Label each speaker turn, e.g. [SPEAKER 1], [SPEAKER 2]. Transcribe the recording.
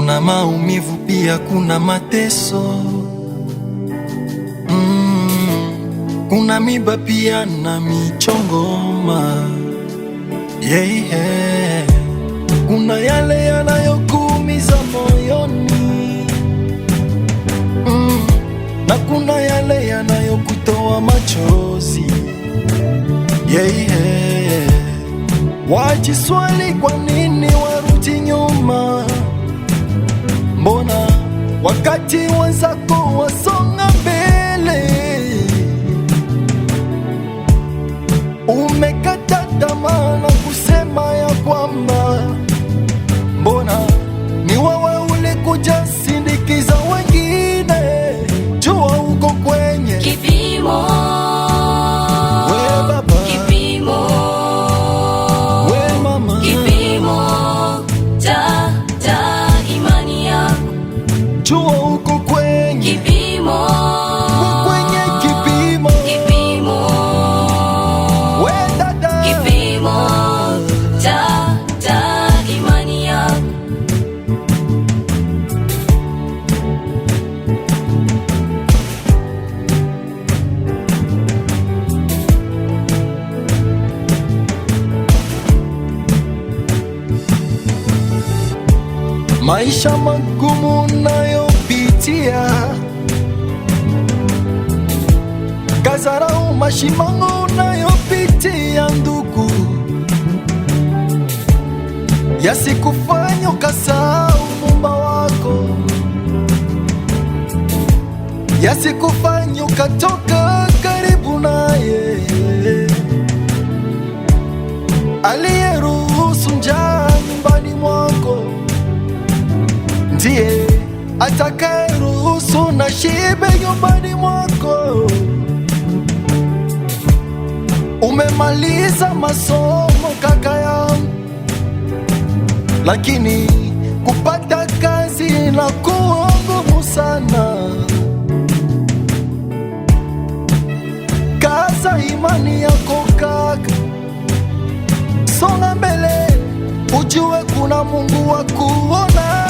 [SPEAKER 1] kuna maumivu pia kuna mateso mm, kuna miba pia na michongoma yeah, yeah. Kuna yale yanayokuumiza moyoni mm, na kuna yale yanayokutoa machozi yeah, yeah. Wajiswali kwa nini wakati wenzako maisha magumu nayopitia, kazarau mashimango nayopitia, ndugu, yasikufanya ukasahau Muumba wako, yasikufanya katoka karibu naye ali ndiye atakaye ruhusu na shibe nyumbani mwako. Umemaliza masomo kaka yangu, lakini kupata kazi na ngumu sana. Kaza imani yako kaka, songa mbele, ujue kuna Mungu wa kuona.